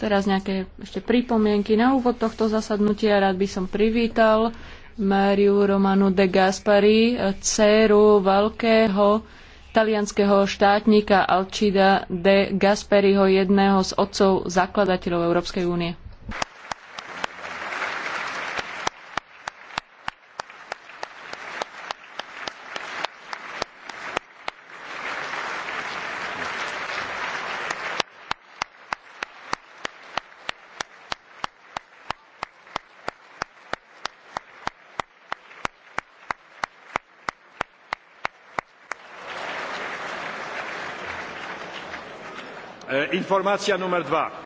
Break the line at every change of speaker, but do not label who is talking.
Teraz nejaké ešte pripomienky na úvod tohto zasadnutia. Rád by som privítal Máriu Romanu de Gaspari, dceru veľkého talianského štátnika Alcida de Gasperiho, jedného z otcov zakladateľov Európskej únie.
E, Informácia numer dwa.